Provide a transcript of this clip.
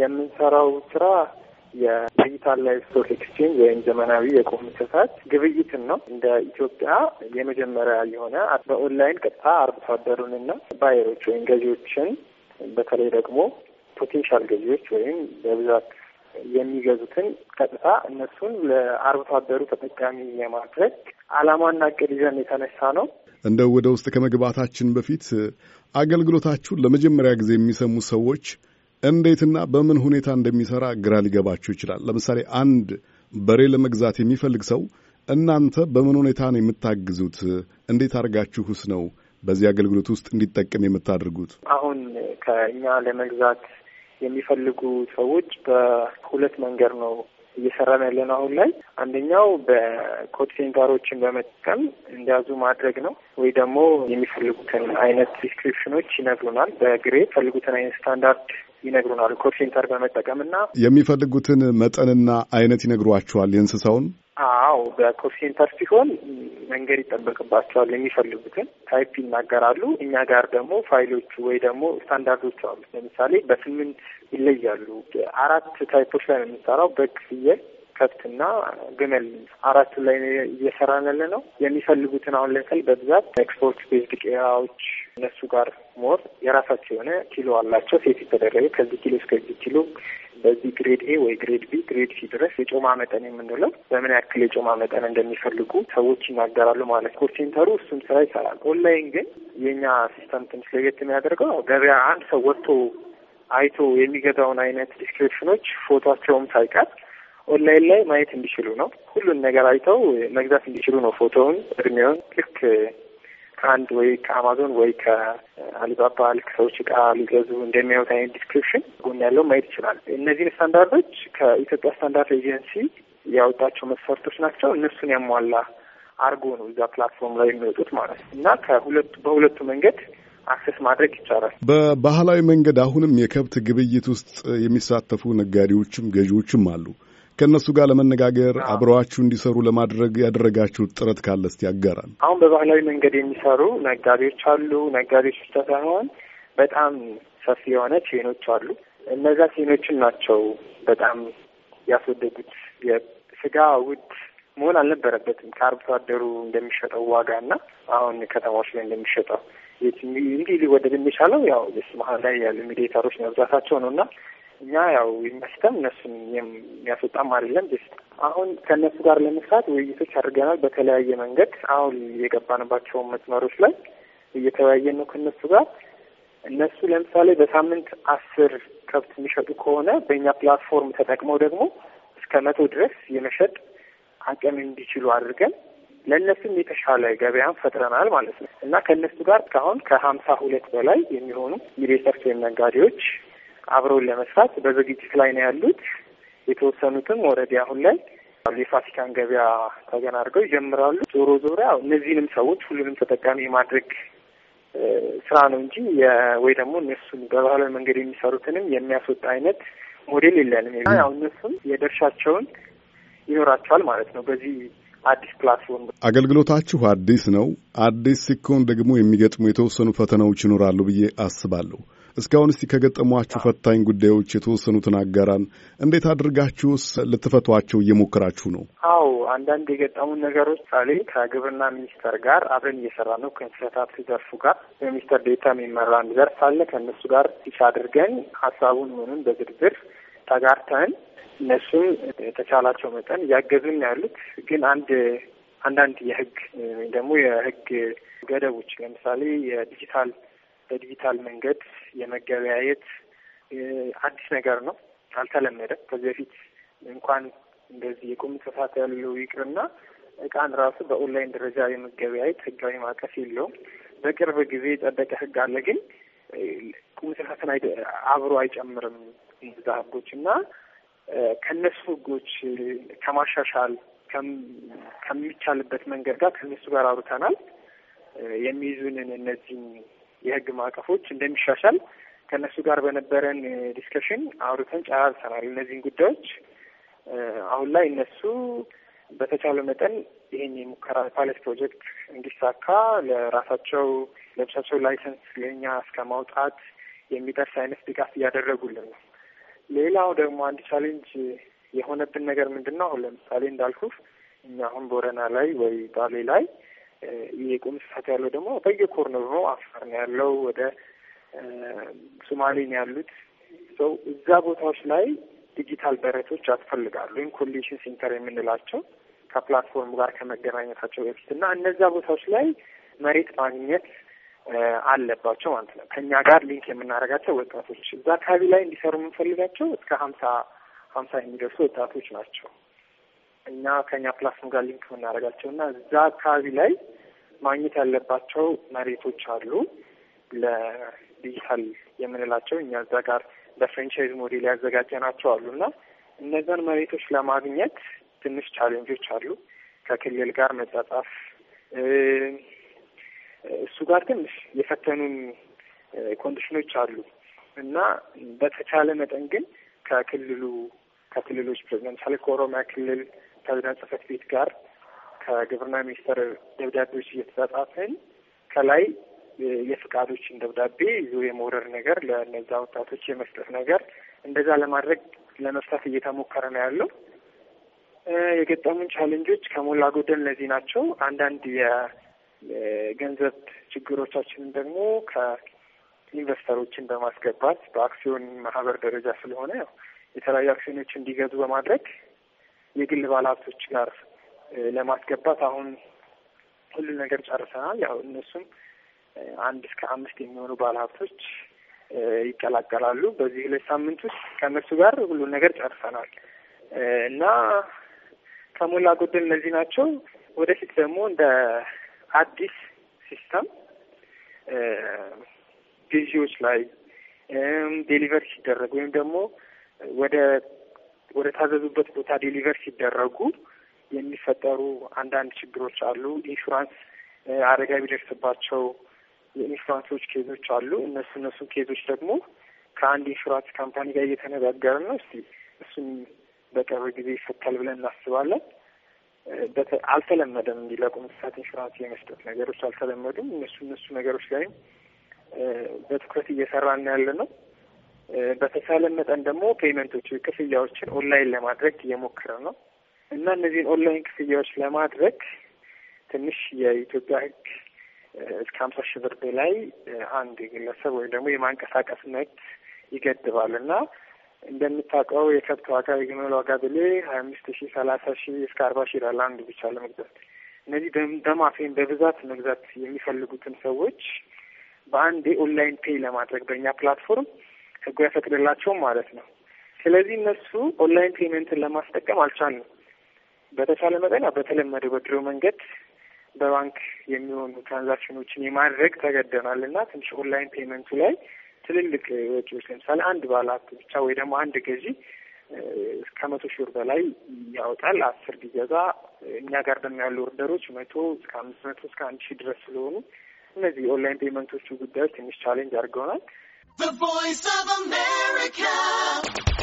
የምንሰራው ስራ የዲጂታል ላይ ስቶክ ኤክስቼንጅ ወይም ዘመናዊ የቁም ስፋት ግብይትን ነው። እንደ ኢትዮጵያ የመጀመሪያ የሆነ በኦንላይን ቀጥታ አርብቶ አደሩንና ባየሮች ወይም ገዢዎችን በተለይ ደግሞ ፖቴንሻል ገዢዎች ወይም በብዛት የሚገዙትን ቀጥታ እነሱን ለአርብቶ አደሩ ተጠቃሚ የማድረግ አላማና እቅድ ይዘን የተነሳ ነው። እንደው ወደ ውስጥ ከመግባታችን በፊት አገልግሎታችሁን ለመጀመሪያ ጊዜ የሚሰሙ ሰዎች እንዴትና በምን ሁኔታ እንደሚሰራ ግራ ሊገባችሁ ይችላል። ለምሳሌ አንድ በሬ ለመግዛት የሚፈልግ ሰው እናንተ በምን ሁኔታ ነው የምታግዙት? እንዴት አድርጋችሁስ ነው በዚህ አገልግሎት ውስጥ እንዲጠቀም የምታደርጉት? አሁን ከእኛ ለመግዛት የሚፈልጉ ሰዎች በሁለት መንገድ ነው እየሰራን ያለን አሁን ላይ አንደኛው በኮድ ሴንተሮችን በመጠቀም እንዲያዙ ማድረግ ነው። ወይ ደግሞ የሚፈልጉትን አይነት ዲስክሪፕሽኖች ይነግሩናል። በግሬ የፈልጉትን አይነት ስታንዳርድ ይነግሩናል። ኮድ ሴንተር በመጠቀም እና የሚፈልጉትን መጠንና አይነት ይነግሯቸዋል የእንስሳውን አዎ በኮፊ ሴንተር ሲሆን መንገድ ይጠበቅባቸዋል። የሚፈልጉትን ታይፕ ይናገራሉ። እኛ ጋር ደግሞ ፋይሎቹ ወይ ደግሞ ስታንዳርዶቹ አሉ። ለምሳሌ በስምንት ይለያሉ። አራት ታይፖች ላይ ነው የምንሰራው፣ በግ፣ ፍየል፣ ከብትና ግመል። አራቱ ላይ እየሰራን ያለ ነው። የሚፈልጉትን አሁን ለምሳሌ በብዛት ኤክስፖርት ቤዝድ ቄራዎች እነሱ ጋር ሞር የራሳቸው የሆነ ኪሎ አላቸው ሴት የተደረገ ከዚህ ኪሎ እስከዚህ ኪሎ በዚህ ግሬድ ኤ ወይ ግሬድ ቢ ግሬድ ሲ ድረስ የጮማ መጠን የምንለው በምን ያክል የጮማ መጠን እንደሚፈልጉ ሰዎች ይናገራሉ ማለት ኮር ሴንተሩ እሱም ስራ ይሰራል። ኦንላይን ግን የእኛ ሲስተም ትንሽ ለየት የሚያደርገው ገበያ አንድ ሰው ወጥቶ አይቶ የሚገዛውን አይነት ዲስክሪፕሽኖች ፎቶቸውም ሳይቀር ኦንላይን ላይ ማየት እንዲችሉ ነው። ሁሉን ነገር አይተው መግዛት እንዲችሉ ነው። ፎቶውን፣ እድሜውን ልክ ከአንድ ወይ ከአማዞን ወይ ከአሊባባ ልክ ሰዎች እቃ ሊገዙ እንደሚያዩት አይነት ዲስክሪፕሽን ጎን ያለው ማየት ይችላል። እነዚህን ስታንዳርዶች ከኢትዮጵያ ስታንዳርድ ኤጀንሲ ያወጣቸው መስፈርቶች ናቸው። እነሱን ያሟላ አርጎ ነው እዛ ፕላትፎርም ላይ የሚወጡት ማለት ነው እና ከሁለቱ በሁለቱ መንገድ አክሰስ ማድረግ ይቻላል። በባህላዊ መንገድ አሁንም የከብት ግብይት ውስጥ የሚሳተፉ ነጋዴዎችም ገዢዎችም አሉ። ከእነሱ ጋር ለመነጋገር አብረዋችሁ እንዲሰሩ ለማድረግ ያደረጋችሁት ጥረት ካለ እስቲ ያጋራል። አሁን በባህላዊ መንገድ የሚሰሩ ነጋዴዎች አሉ። ነጋዴዎች ብቻ ሳይሆን በጣም ሰፊ የሆነ ቼኖች አሉ። እነዛ ቼኖችን ናቸው በጣም ያስወደዱት። የስጋ ውድ መሆን አልነበረበትም ከአርብቶ አደሩ እንደሚሸጠው ዋጋ እና አሁን ከተማዎች ላይ እንደሚሸጠው እንዲህ ሊወደድ የሚቻለው ያው ስ መሀል ላይ ያሉ ሚዲያተሮች መብዛታቸው ነው እና እኛ ያው የሚያስተም እነሱን የሚያስወጣም አይደለም። ስ አሁን ከእነሱ ጋር ለመስራት ውይይቶች አድርገናል በተለያየ መንገድ። አሁን የገባንባቸውን መስመሮች ላይ እየተወያየን ነው ከእነሱ ጋር። እነሱ ለምሳሌ በሳምንት አስር ከብት የሚሸጡ ከሆነ በእኛ ፕላትፎርም ተጠቅመው ደግሞ እስከ መቶ ድረስ የመሸጥ አቅም እንዲችሉ አድርገን ለእነሱም የተሻለ ገበያን ፈጥረናል ማለት ነው እና ከእነሱ ጋር እስካሁን ከሀምሳ ሁለት በላይ የሚሆኑ የቤሰርት ወይም ነጋዴዎች አብረውን ለመስራት በዝግጅት ላይ ነው ያሉት። የተወሰኑትም ወረዲ አሁን ላይ የፋሲካን ገበያ ተገና አድርገው ይጀምራሉ። ዞሮ ዞሮ ያው እነዚህንም ሰዎች ሁሉንም ተጠቃሚ የማድረግ ስራ ነው እንጂ ወይ ደግሞ እነሱን በባህላዊ መንገድ የሚሰሩትንም የሚያስወጣ አይነት ሞዴል የለንም። ያው እነሱም የድርሻቸውን ይኖራቸዋል ማለት ነው በዚህ አዲስ ፕላትፎርም አገልግሎታችሁ አዲስ ነው። አዲስ ሲኮን ደግሞ የሚገጥሙ የተወሰኑ ፈተናዎች ይኖራሉ ብዬ አስባለሁ። እስካሁን እስቲ ከገጠሟችሁ ፈታኝ ጉዳዮች የተወሰኑትን አጋራን። እንዴት አድርጋችሁስ ልትፈቷቸው እየሞከራችሁ ነው? አዎ አንዳንድ የገጠሙን ነገሮች ሳሌ ከግብርና ሚኒስቴር ጋር አብረን እየሰራ ነው። ከእንስሳት ዘርፉ ጋር በሚኒስትር ዴታ የሚመራ አንድ ዘርፍ አለ። ከእነሱ ጋር ፊሽ አድርገን ሀሳቡን ሆኑን በዝርዝር ተጋርተን እነሱም የተቻላቸው መጠን እያገዙን ያሉት ግን አንድ አንዳንድ የህግ ወይም ደግሞ የህግ ገደቦች ለምሳሌ የዲጂታል በዲጂታል መንገድ የመገበያየት አዲስ ነገር ነው፣ አልተለመደም። ከዚህ በፊት እንኳን እንደዚህ የቁም እንስሳት ያሉ ይቅርና እቃን ራሱ በኦንላይን ደረጃ የመገበያየት ህጋዊ ማዕቀፍ የለውም። በቅርብ ጊዜ የጸደቀ ህግ አለ፣ ግን ቁም እንስሳትን አብሮ አይጨምርም እዛ ህጎች እና ከነሱ ህጎች ከማሻሻል ከሚቻልበት መንገድ ጋር ከነሱ ጋር አውርተናል። የሚይዙንን እነዚህ የህግ ማዕቀፎች እንደሚሻሻል ከእነሱ ጋር በነበረን ዲስከሽን አውርተን ጨራርሰናል። እነዚህን ጉዳዮች አሁን ላይ እነሱ በተቻለ መጠን ይህን የሙከራ ፓይለት ፕሮጀክት እንዲሳካ ለራሳቸው ለብቻቸው ላይሰንስ ለእኛ እስከ ማውጣት የሚደርስ አይነት ድጋፍ እያደረጉልን ነው። ሌላው ደግሞ አንድ ቻሌንጅ የሆነብን ነገር ምንድን ነው? አሁን ለምሳሌ እንዳልኩ እኛ አሁን ቦረና ላይ ወይ ባሌ ላይ የቁም ስፋት ያለው ደግሞ በየኮርነሩ ነው። አፋር ነው ያለው፣ ወደ ሶማሌ ነው ያሉት ሰው እዛ ቦታዎች ላይ ዲጂታል በረቶች ያስፈልጋሉ። ወይም ኮሊሽን ሴንተር የምንላቸው ከፕላትፎርሙ ጋር ከመገናኘታቸው በፊት እና እነዛ ቦታዎች ላይ መሬት ማግኘት አለባቸው ማለት ነው። ከእኛ ጋር ሊንክ የምናደርጋቸው ወጣቶች እዛ አካባቢ ላይ እንዲሰሩ የምንፈልጋቸው እስከ ሀምሳ ሀምሳ የሚደርሱ ወጣቶች ናቸው። እኛ ከእኛ ፕላትፎርም ጋር ሊንክ የምናደርጋቸው እና እዛ አካባቢ ላይ ማግኘት ያለባቸው መሬቶች አሉ ለዲጂታል የምንላቸው እኛ እዛ ጋር በፍራንቻይዝ ሞዴል ያዘጋጀናቸው አሉ እና እነዛን መሬቶች ለማግኘት ትንሽ ቻሌንጆች አሉ። ከክልል ጋር መጻጻፍ እሱ ጋር ትንሽ የፈተኑን ኮንዲሽኖች አሉ እና በተቻለ መጠን ግን ከክልሉ ከክልሎች ለምሳሌ ከኦሮሚያ ክልል ከዝናን ጽህፈት ቤት ጋር ከግብርና ሚኒስቴር ደብዳቤዎች እየተጻጻፍን ከላይ የፍቃዶችን ደብዳቤ ይዞ የመውረድ ነገር ለነዛ ወጣቶች የመስጠት ነገር እንደዛ ለማድረግ ለመፍታት እየተሞከረ ነው ያለው። የገጠሙን ቻሌንጆች ከሞላ ጎደል እነዚህ ናቸው። አንዳንድ የገንዘብ ችግሮቻችንን ደግሞ ከኢንቨስተሮችን በማስገባት በአክሲዮን ማህበር ደረጃ ስለሆነ ያው የተለያዩ አክሲዮኖች እንዲገዙ በማድረግ የግል ባለሀብቶች ጋር ለማስገባት አሁን ሁሉ ነገር ጨርሰናል። ያው እነሱም አንድ እስከ አምስት የሚሆኑ ባለሀብቶች ይቀላቀላሉ። በዚህ ሁለት ሳምንት ውስጥ ከእነሱ ጋር ሁሉ ነገር ጨርሰናል እና ከሞላ ጎደል እነዚህ ናቸው። ወደፊት ደግሞ እንደ አዲስ ሲስተም ግዢዎች ላይ ዴሊቨር ሲደረጉ ወይም ደግሞ ወደ ወደ ታዘዙበት ቦታ ዴሊቨር ሲደረጉ የሚፈጠሩ አንዳንድ ችግሮች አሉ። ኢንሹራንስ አደጋ ቢደርስባቸው የኢንሹራንሶች ኬዞች አሉ። እነሱ እነሱ ኬዞች ደግሞ ከአንድ ኢንሹራንስ ካምፓኒ ጋር እየተነጋገርን ነው። እስቲ እሱን በቅርብ ጊዜ ይፈታል ብለን እናስባለን። አልተለመደም። እንዲለቁም እንስሳት ኢንሹራንስ የመስጠት ነገሮች አልተለመዱም። እነሱ እነሱ ነገሮች ላይም በትኩረት እየሰራን ያለ ነው። በተቻለ መጠን ደግሞ ፔመንቶች ክፍያዎችን ኦንላይን ለማድረግ እየሞከረ ነው እና እነዚህን ኦንላይን ክፍያዎች ለማድረግ ትንሽ የኢትዮጵያ ሕግ እስከ ሀምሳ ሺህ ብር በላይ አንድ ግለሰብ ወይም ደግሞ የማንቀሳቀስ መብት ይገድባል እና እንደምታውቀው የከብት ዋጋ የግመል ዋጋ ብሌ ሀያ አምስት ሺ ሰላሳ ሺ እስከ አርባ ሺ ይላል አንድ ብቻ ለመግዛት። እነዚህ በማፌን በብዛት መግዛት የሚፈልጉትን ሰዎች በአንድ ኦንላይን ፔይ ለማድረግ በእኛ ፕላትፎርም ህጉ አይፈቅድላቸውም ማለት ነው። ስለዚህ እነሱ ኦንላይን ፔመንትን ለማስጠቀም አልቻልንም። በተቻለ መጠን በተለመደው በድሮ መንገድ በባንክ የሚሆኑ ትራንዛክሽኖችን የማድረግ ተገደናል እና ትንሽ ኦንላይን ፔመንቱ ላይ ትልልቅ ወጪዎች ለምሳሌ አንድ ባላት ብቻ ወይ ደግሞ አንድ ገዢ እስከ መቶ ሺህ ብር በላይ ያወጣል። አስር ቢገዛ እኛ ጋር በሚያሉ ያሉ ኦርደሮች መቶ እስከ አምስት መቶ እስከ አንድ ሺህ ድረስ ስለሆኑ እነዚህ ኦንላይን ፔመንቶቹ ጉዳዮች ትንሽ ቻሌንጅ አድርገውናል።